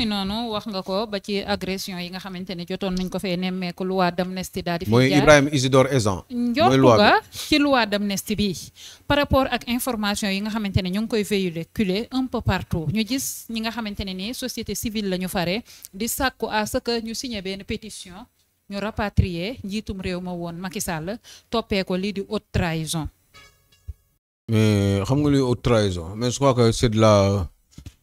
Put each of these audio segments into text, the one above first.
ngi noonu wax nga ko ba ci agression yi nga xamante ne jotoon nañ ko fee nemmeeku loi d'amnistie daal di fi jaar mooy Ibrahima Isidore Ezan njortu nga ci loi d'amnistie bi par rapport ak information yi nga xamante ne ñu ngi koy véhiculer un peu partout ñu gis ñi nga xamante ne ni société civile la ñu fare di sàkku à ce que ñu signé benn pétition ñu rapatrier njiitum réew ma woon Macky toppeeko toppee lii di haute trahison mais xam nga luy haute trahison mais je crois c'est la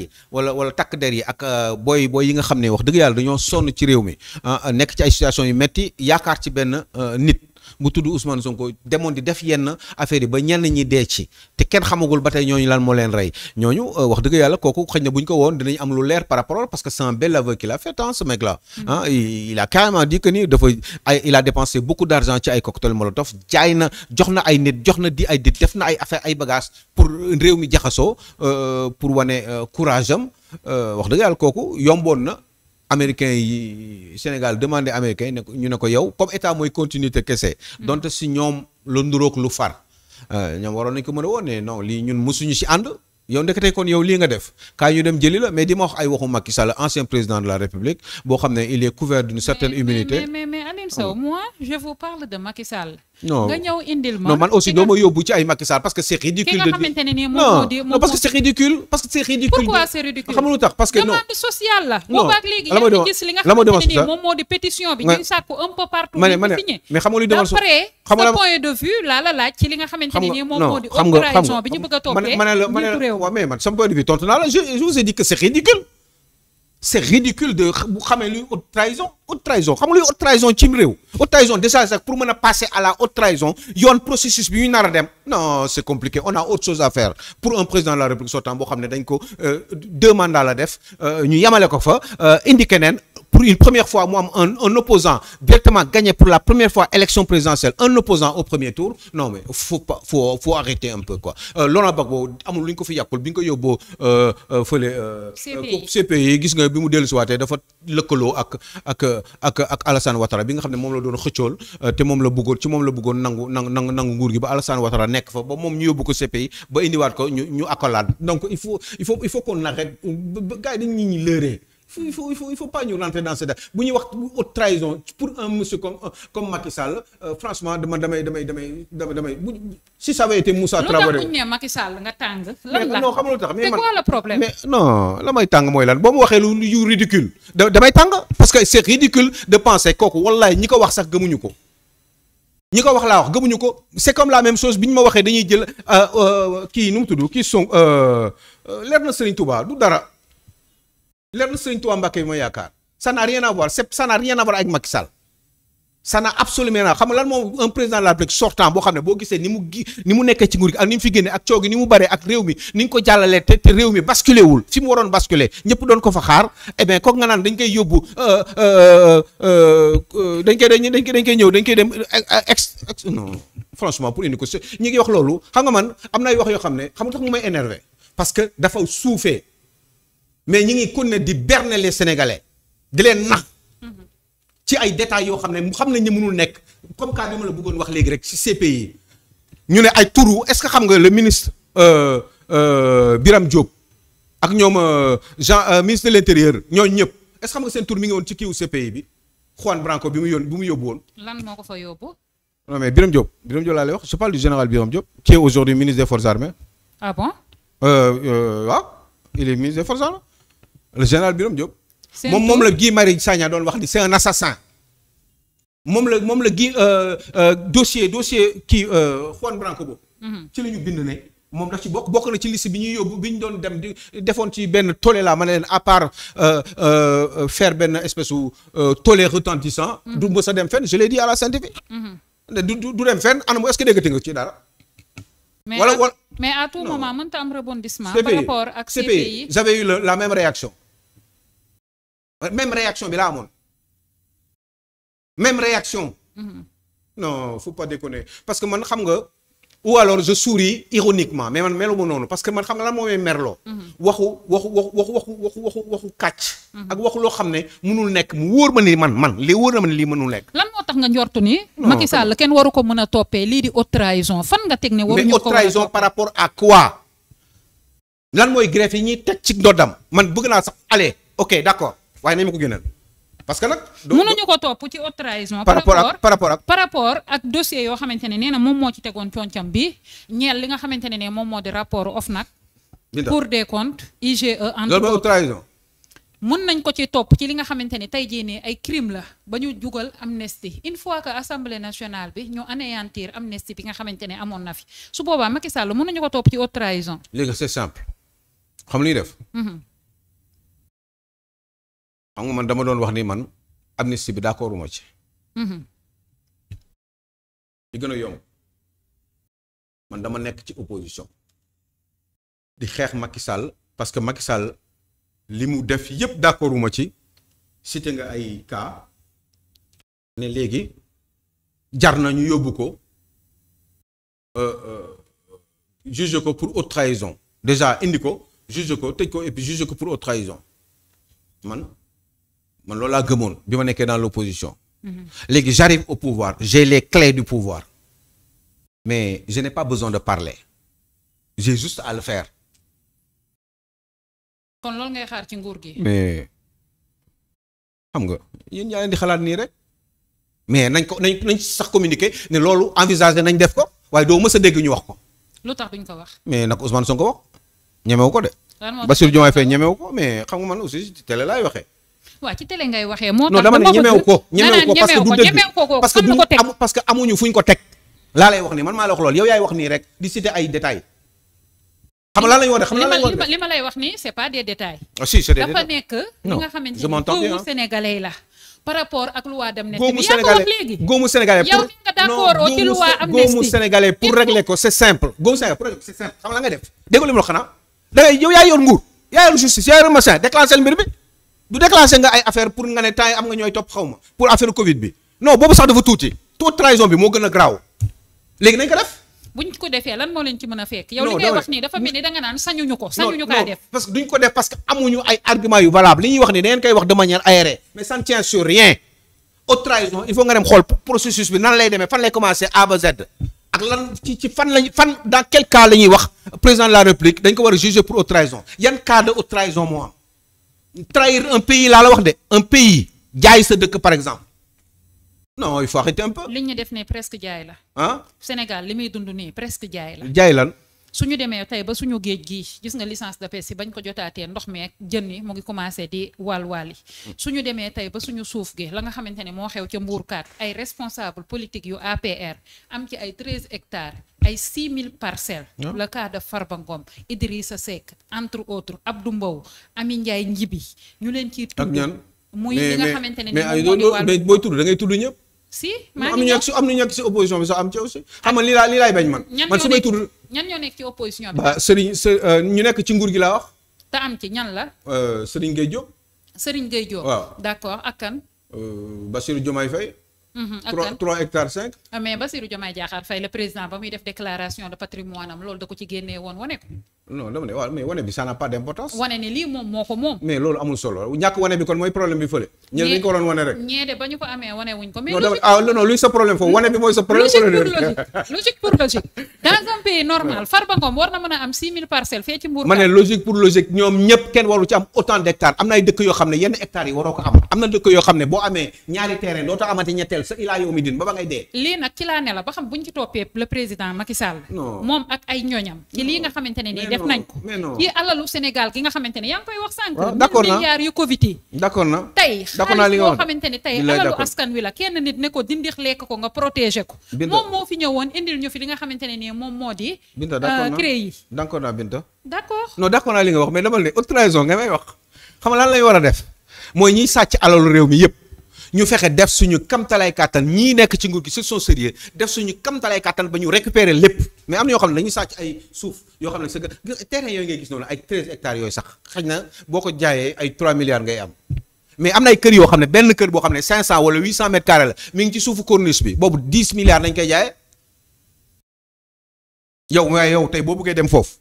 yi wala wala takk der yi ak euh, booy booy yi nga xam ne wax dëgg yàlla dañoo sonn ci réew mi ah, nekk ci ay situation yu metti yaakaar ci benn euh, nit mu tudd Ousmane Sonko demoon di def yenn affaire yi ba ñenn ñi dee ci te kenn xamagul ba tey ñooñu lan moo leen rey ñooñu euh, wax dëgg yàlla kooku xëy na bu ñu ko woon dinañ am lu leer par rapport parce que c'est un bel aveu qu'il a fait hein ce mec là ah mm. il a carrément dit que ni dafa ay il a dépensé beaucoup d'argent ci ay cocktail molotov jaay na jox na ay nit jox na di ay nit def na ay affaire ay bagages pour réew mi jaxasoo euh, pour wane euh, courage am wax dëgg yàlla kooku yomboon na américain yi Sénégal demandé américain ne ñu ne ko yow comme état mooy continuer te kese. Mm. dont si ñoom la nduróog lu far. Euh, ñoom waroon nañ ko mën a woon ne non lii ñun mosuñu si ànd. yow ndekete kon yow lii nga def kaay ñu dem jëli la mais di ma wax ay waxu Macky ancien président de la République boo xam ne il est couvert d'une certaine immunité mais mais mais oh. moi je vous parle de Macky Sall. nga ñëw indil ma non man aussi doo ma ci ay Macky parce que c'est ridicule. ki nga parce que c'est ridicule parce que c'est ridicule. pourquoi c'est ridicule xam nga tax parce que non la. moo di pétition la moo di opération bi waaw mais man sama point de vue tontu naa la je je vous ai dit que c'est ridicule c'est ridicule de bu luy haute trahison haute trahison xam nga luy haute trahison cim réew trahison déjà sax pour mën a passer à la haute trahison yoon processus bi u nar a dem non c'est compliqué on a autre chose à faire pour un président de la république sortant boo xam ne dañ ko euh, deux mandats la def euh, ñu yemale ko fa euh, indi keneen pour une première fois mu am un un directement gagné pour la première fois élection présidentielle un opposant au premier tour non mais faut pas faut faut un peu quoi euh, Laurent Gbagbo amul lu ñu ko fi yàqul bi ñu ko euh, euh, fële. CPI CPI gis nga bi mu dellu waatee dafa lëkkaloo ak ak ak ak Alassane Ouattara bi nga xam ne moom la doon xëccool te moom la bëggoon ci moom la bëggoon nangu nangu nguur gi ba Alassane Ouattara nekk fa ba moom ñu il faut il faut il faut pas ñu rentrer dans ce débat bu ñuy wax haute trahison bu si ça avait été Moussa Traoré. lu tax bu ñu ne Macky Sall nga tàng. lan la non xam nga lu tax mais man la may tàng mooy lan boo mu waxee lu yu ridicule da damay tàng parce que c'est ridicule de penser kooku wallaay ñi ko wax sax gëmuñu ko. ñi ko wax laa wax gëmuñu ko c'est comme la même chose bi ñu ma waxee dañuy jël euh, euh, kii nu mu tudd kii son euh, leer na Serigne Touba du dara. leer na sëñ Tuubaa Mbàkke bi ma yaakaar ça n'a rien à voir c'est ça n'a rien à ak Macky Sall n'a absolument rien xam lan moom un président la République sortant boo xam ne boo gisee ni mu gi ni mu nekkee ci nguur gi ak ni mu fi génne ak coow gi ni mu baree ak réew mi ni ñu ko jàllalee te te réew mi basculé wul fi mu waroon basculé ñëpp doon ko fa xaar eh bien kooku nga naan dañ koy yóbbu euh, euh, euh, dañ koy dañ koy dañ koy ñëw dañ koy dem eh, eh, ex non franchement pour indi ko ñu ngi wax loolu xam nga man am na ay wax yoo xam ne xam nga tax mu may énervé parce que dafa suufee. mais ñi ngi kon ne di berner le sénégalais di leen nax ci ay détails yoo xam ne xam nañ ne mënul nekk comme cas bi la bëggoon wax léegi rek ci CPI ñu ne ay turu est-ce que xam nga le ministre euh, euh, Birame ak ñoom euh, Jean euh, ministre de l'intérieur ñooñu ñëpp est-ce que xam nga seen tur mi ngi woon ci kiiwu CPI bi Juan Branco bi mu yoon bi mu yóbbu woon. lan moo ko fa yóbbu. non mais Birame Diop Birame Diop laa lay wax je parle du général Birame Diop qui est aujourd'hui ministre des forces armées. Ah euh, euh, ah, le général Birame Diop. moom moom la Guy Marius Sagna doon wax ni c'est un assassin. moom la moom la Guy euh, euh, dossier dossier kii euh, Juan Branco boobu. Mhm. ci la bind ne. moom daf ci bokk bokk na ci liste bi ñuy yóbbu bi ñu doon dem di defoon ci benn tollé la ma ne leen à part faire benn espèce u tollé retentissant. Mhm. du mës a dem fenn je l'ai dit à la scientifique. Mhm. du du dem fenn anam est-ce que déggati nga ci dara. wala wala mais à tout moment mënta am rebondissement. par rapport a la même même réaction bi laa amoon même réaction. Mm-hmm. non faut pas déconner parce que man xam nga. ou alors je souris ironiquement mais man melu ma noonu parce que man xam nga lan mooy may merloo. Mm-hmm. waxu waxu waxu waxu waxu waxu kàcc. Mm-hmm. ak waxu loo xam ne mënul nekk mu wóor ma ni man man li wóor na ma ne lii mënul nekk. lan moo tax nga njortu ni. Macky Sall kenn waru ko mën a toppee lii di haute trahison fan nga teg ne. waruñu ko mais par rapport à quoi. lan mooy greffe yi ñuy teg ci ndoddam man bëgg naa sax allez ok d'accord waaye nañ ma ko génneel parce que nag. mënuñu ko topp ci haute trahison. par rapport ak par rapport ak. par rapport ak dossier yoo xamante ne nee na moom moo ci tegoon concam bi ñeel li nga xamante ne ne moom moo di rapport OFNAC. Cour des comptes IGE. entre loolu mooy mën nañ ko ci topp ci li nga xamante ne tey jii nii ay crime la ba ñu jugal amnistie une fois que assemblée nationale bi ñu anéantir amnistie bi nga xamante ne amoon na fi su boobaa Macky Sall mën nañu ko topp ci haute trahison. léegi c'est simple li xam nga man dama doon wax ni man amnistie bi d'accord uma ci. Mm-hmm. li gën a yomb man dama nekk ci opposition. di xeex Macky Sall parce que Macky Sall li mu def yépp d'accord uma ci cité nga ay cas ne léegi jar nañu yóbbu ko euh, euh, juge ko pour haute trahison déjà indi ko juge ko tëj ko et juge ko pour haute trahison man man loolu laa gëmoon bi ma nekkee dans l'opposition léegi j'arrive au pouvoir j'ai les clés du pouvoir mais je n'ai pas besoin de parler j'ai juste à le faire xaar ci nguur gi mais nga yéen ñaa leen di nii rek mais nañ ko nañ nañ sax communiquer ne loolu envisagé nañ def ko waaye doo mës dégg ñu wax ko lu tax duñ ko wax mais nag Ousmane Sonko wax ñemewu ko de Bassirou Diomaye Faye ñemewu ko mais xam nga man aussi télé laay waxee waaw ci télé ngay waxee moo tax non dama ne ñemeewu ko ko parce que du dëgg parce que du fuñ ko teg laa lay wax nii man maa la wax yaay wax nii rek a xam a li ma lay ah, dafa nekk. li nga xamante ni góobu sénégalais la. par rapport ak loi d'amnistie bi yaa wax léegi góomu sénégalais yow ni nga d'accord ci loi pour régler ko c'est simple. góomu sénégalais pour régler ko c'est simple xam nga nga def dégg nga xanaa da ngay yow yaa nguur yaa yor justice yaa yor machin déclenché mbir du déclenché nga ay affaire pour nga ne temps yi am nga ñooy topp xaw ma pour affaire Covid bi non boobu sax dafa tuuti taux trahison bi moo gën a graaw léegi nañ ko def. buñ ko defee lan moo leen ci mën a fekk. yow li ngay wax nii dafa mel ni da naan sañuñu ko. sañuñu kaa def parce que duñ ko def parce que amuñu ay argument yu valable li ñuy wax ni da ngeen koy wax de manière mais ça ne tient sur rien. haute trahison il faut nga dem xool processus bi nan lay demee fan lay commencé A ba Z. fan la ñuy wax président de la république dañ ko war a juger pour yan cas de haute trahir un pays laa la wax de un pays jaay sa dëkk par exemple non il faut arrêter un li ñu def ne presque jaay la. ah Sénégal li muy dund nii presque jaay la. jaay lan. su ñu demee tey ba suñu géej gii gis nga licence de pêche yi bañ ko jotaatee ndox meek jën yi mu ngi commencé di wal su ñu demee tey ba suñu suuf gi la nga xamante ne moo xew ca Mbourkat ay responsable politique yu APR am ci ay treize hectares ay 6000 parcelles. Ah. le cas de Farba Ngom Idrissa Seck entre autres Abdou Mbow Ami Ndiaye Njibi ñu leen ciy. tudd ak ñaan nga xamante ne nii si opposition bi sax am ci aussi ah. xam nga lii laa lii laay bañ man. man su may tudd ñan ñoo nekk ci opposition bi. Serigne euh, ñu nekk ci nguur gi laa wax. te Mhm, trois trois hectares cinq. Ah, mais Bassirou Diomaye Diakhar Faye le président ba muy def déclaration de patrimoine am loolu da ko ci génnee woon wane ko. non dama ne waaw mais wane bi ça n'a pas d'importance. wane ni lii moom moo ko moom. mais loolu amul solo ah, luy sa problème foofu wane logique pour logique logique pour logique. dans un kenn waru ci am autant d'hectares am na dëkk yoo xam ne yenn hectares yi waroo ko am. am na dëkk yoo xam ne boo amee ñaari terrain dootoo amati ñetteel ilaa yow din ba ba ngay dee. lii nag ci ne la ba xam buñ ci toppee le président Macky Sall. moom ak ay ñooñam ci lii nga def nañ ko ci alalu Sénégal gi nga xamante ne yaa ngi koy wax sànq mille na tey xaalis boo xamante ne tey alalu askan wi la kenn nit ne ko dindix lekk ko nga protéger ko moom moo fi ñëwoon indil ñu fi li nga xamante ne nii moom moo di euh, cré yi d'accord naa Binta d'accord non d'accord naa li nga wax mais dama ne haute trahison nga may wax xam lan lay war a def mooy ñiy sàcc alalu réew mi yëpp ñu fexe def suñu kamtalaay kàttan ñii nekk ci ngu gi ils sont sérieux def suñu kamtalaay kàttan ba ñu récupérer lépp mais am na yoo xam ne dañuy sàcc ay suuf yoo xam ne sa terrain yooyu ngay gis noonu ay 13 hectares yooyu sax xëy na boo ko jaayee ay 3 milliards ngay am mais am na kër yoo xam ne benn kër boo xam ne 500 wala 800 mètres carrés la mi ngi ci suufu corniche bi boobu 10 milliards lañ koy jaayee yow waaye yow tey boo bëggee dem foofu.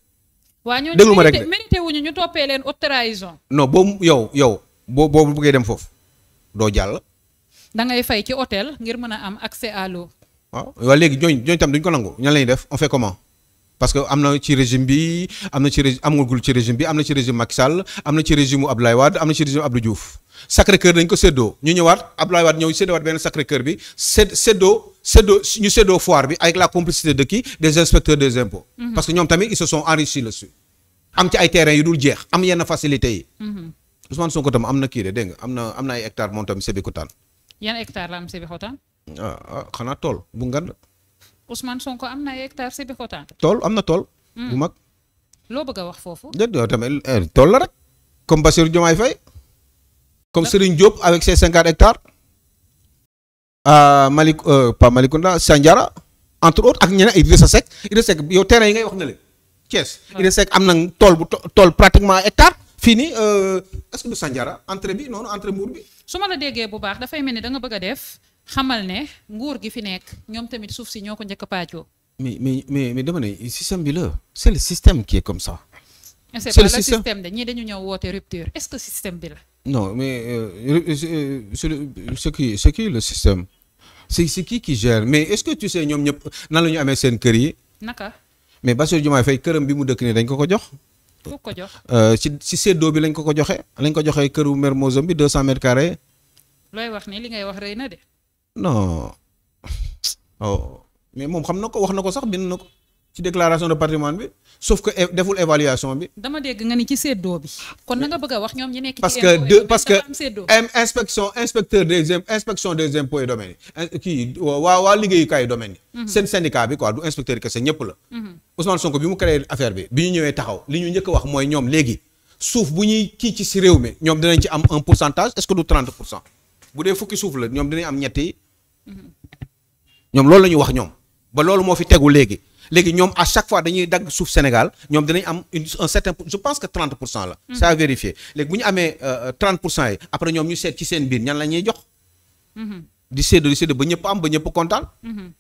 déglu ma rek de waaw ñooñu mérité wuñu ñu toppee leen haute trahison. non boobu yow yow boo boo bëggee dem foofu doo jàll. da ngay fay ci hôtel ngir mën a am accès à l'eau waaw waaw léegi ñooñu ñooñu tam duñ ko nangu ñan def on fait comment parce que am na ci régime bi am na ci régime amagul am na ci régime Macky Sall am na ci régime u Abdoulaye Wade am na ci régime la complicité de qui des inspecteurs des impôts. Mhm. parce ay terrains yu dul jeex am yenn facilités yi. Mhm. Ousmane Sonko tam am na kii de dégg am na ay hectares moom tam Sébikotane yan hectare la am Sébikotane. ah, ah xanaa tool bu ngand. Ousmane Sonko am na ay hectares Sébikotane. tool am na tool. Hmm. bu mag. loo bëgg wax foofu. déedéet tamit eh, tool la rek. comme Bassirou Diomaye Faye. comme Serigne Diop avec ses cinquante hectares. ah Malick euh, pas Malicounda Sandiara entre autres ak ñeneen Idrissa Seck Idrissa Seck yow terrain yi ngay wax ne leen. Thiès Idrissa Seck am na tool bu tool hectare. fii nii euh, est-ce que du Sandiara entrée bi noonu entrée Mbour bi. su ma la déggee bu baax dafay mel ni da nga bëgg a def xamal ne nguur gi fi nekk ñoom tamit suuf si ñoo ko njëkk a paajoo. mais mais mais mais dama système bi la c'est système qui comme ça. c'est pas le système de dañu ñëw woote rupture est-ce bi la. non mais euh, euh ce qui ce qui le système c'est c'est qui qui gère mais est-ce que tu sais ñoom ñëpp nan la ñu amee seen kër yi. naka. mais Bassirou Diomaye fay këram bi mu dëkk nii dañ ko ko jox. ku ko jox euh, ci ci seddo bi lañ ko ko joxe lañ ko joxee këru Mermoz bi 200 mètres carrés. looy wax ni li ngay wax rëy na de. non oh mais moom xam na ko wax na ko sax bind na ko ci déclaration de patrimoine bi. sauf que deful évaluation bi. dama dégg nga ni ci séddoo bi. kon na nga bëgg a wax ñoom ñi nekk ci. parce que deux parce que inspection inspecteur des inspection des impôts et domaines waa waa liggéeyukaayu domaine yi. Mhm. seen syndicat bi quoi du inspecteur kese ñëpp la. Mhm. Ousmane Sonko bi mu créé affaire bi bi ñu ñëwee taxaw li ñu njëkk a wax mooy ñoom léegi suuf bu ñuy kii ci si réew mi ñoom dinañ ci am un pourcentage est-ce que du 30 pour bu dee fukki suuf la ñoom dinañ am ñetti. Mhm. ñoom loolu la ñu wax ñoom ba loolu moo fi tegu léegi léegi ñoom à chaque fois dañuy dagg suuf Sénégal ñoom dinañ am une un certain je pense que 30 pour cent la. c'est mm-hmm. vérifier léegi bu ñu amee 30 euh, euh, pour cent yi après ñoom ñu seet ci seen biir ñan la jox. Mm-hmm. di séddoo di séddoo ba ñëpp am ba ñëpp kontaan. Mm-hmm.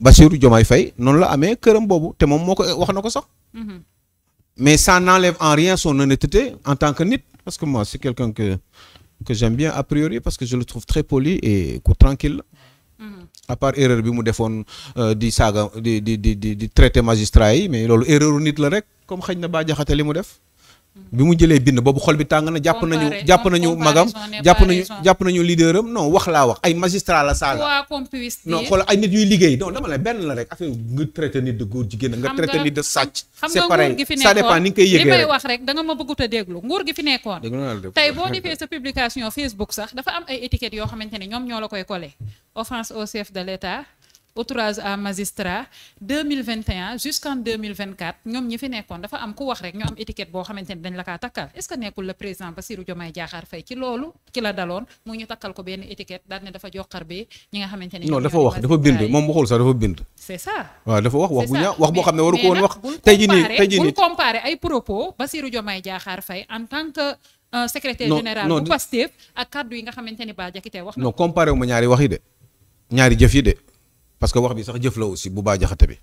Bassirou Diomaye Faye noonu la amee këram boobu te moom moo ko wax na ko sax. mais ça n'enlève en rien son honnêteté en tant que nit parce que moi c'est quelqu'un que j'aime bien a priori parce que à part erreur bi mu defoon euh, di saaga di di di di traité magistrat yi mais loolu erreur nit la rek comme xëy na Bah Diakhaté li mu def bi mu jëlee bind boobu xol bi tàng na jàpp nañu jàpp nañu magam jàpp nañu jàpp nañu leader am non wax laa wax ay magistrat la saala non xool ay nit ñuy liggéey non dama la benn la rek nga traité nit de góor jigéen nga traité nit de sàcc c'est pareil ça dépend ni nga koy yëgee rek wax rek da ma bëggut déglu nguur gi fi nekkoon tey boo defee sa publication Facebook sax dafa am ay étiquettes yoo xamante ne ñoom ñoo la koy collé offense au chef outrage à magistrat 2021 jusqu'en 2024 ñoom ñi fi nekkoon dafa am ku wax rek ñu am étiquette boo xamante ni dañ la kaa takkal est-ce que nekkul le président Bassirou Diomaye Diakhar Faye ci loolu ki la daloon mu ñu takkal ko ne dafa joxar bi ñi nga xamante ni non dafa ne waru ko woon wax tey jii nii tey jii nii buñ ay propos en tant que Uh, secrétaire général bu Pastef ak kàddu yi nga xamante ni Bah Diakhaté wax na non comparé ñaari wax yi de ñaari jëf yi de parce que wax bi sax jëf la aussi bu baa jaxate bi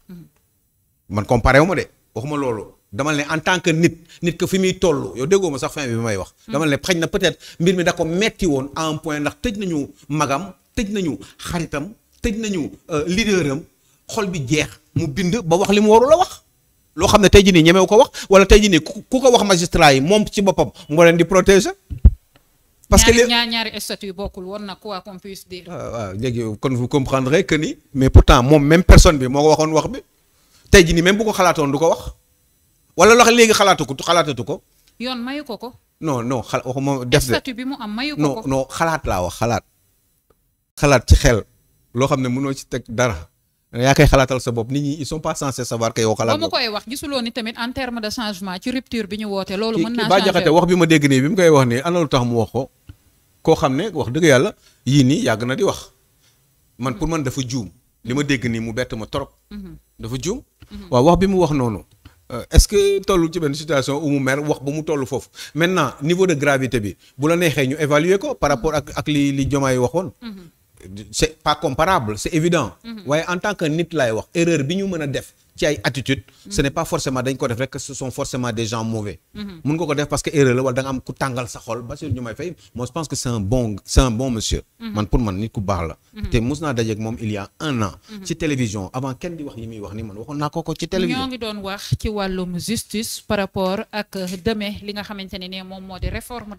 man comparé wu ma de waxuma loolu damal ne en tant que nit nit que fi muy toll yow déggoo ma sax fin bi may wax. Hmm. dama ne xëy na peut-être mbir mi da ko metti woon en un point ndax tëj nañu magam tëj nañu xaritam tëj nañu euh, leaderam xol bi jeex mu bind ba wax li mu warul a wax. loo xam ne tey jii nii ñemewu ko wax wala tey jii nii ku ko wax magistrat yi moom ci boppam moo leen di protéger. parce que ñaari ñaari statut bokkul woon na quoi qu'on puisse dire. Ah, waaw léegi kon vous comprendrez que ni. mais pourtant moom même personne bi moo ko waxoon wax bi tey jii nii même bu ko xalaatoon du ko wax wala loxo léegi xalaatu ko xalaatatu ko. yoon mayu ko ko. non non xala waxuma def de bi mu am mayu ko ko xalaat laa wax xalaat. xalaat ci xel loo ne mënoo ci teg dara. yaa koy xalaatal sa bopp nit ñi ils sont pas censés savoir que yow xalaat ba mu koy wax gisuloo ni tamit en terme de changement ci rupture bi ñu woote. loolu mën naa changer wax bi ma dégg nii bi mu koy wax nii ana lu tax mu wax ko. koo xam ne wax dëgg yàlla yii nii yàgg na di wax man pour man dafa juum li ma dégg nii mu bett ma trop. Mm-hmm. dafa juum. Mm-hmm. waaw wax bi mu wax noonu. Euh, est-ce que tollul ci benn mu mer wax ba mu toll foofu maintenant niveau de gravité bi bu la neexee ñu évaluer ko par rapport ak ak li li Jomaay waxoon. Mm-hmm. c'est pas comparable c'est évident. waaye en tant que nit laay wax erreur bi ñu mën a def. ci ay attitude ce n'est pas forcément dañ ko def rek ce sont forcément des gens mauvais mhm. mun nga ko def parce que erreur la wala da am ku tàngal sa xol Bassirou Diomaye Faye moi je pense que c'est un bon monsieur mhm. man pour man nit ku baax la mhm. te mus naa dajeeg moom il y a un an ci télévision avant kenn di wax yi muy wax ni man waxoon naa ko ko ci télévision ñoo ngi doon wax ci wàllum justice par rapport ak demee li nga xamante ne ne moom moo di réforme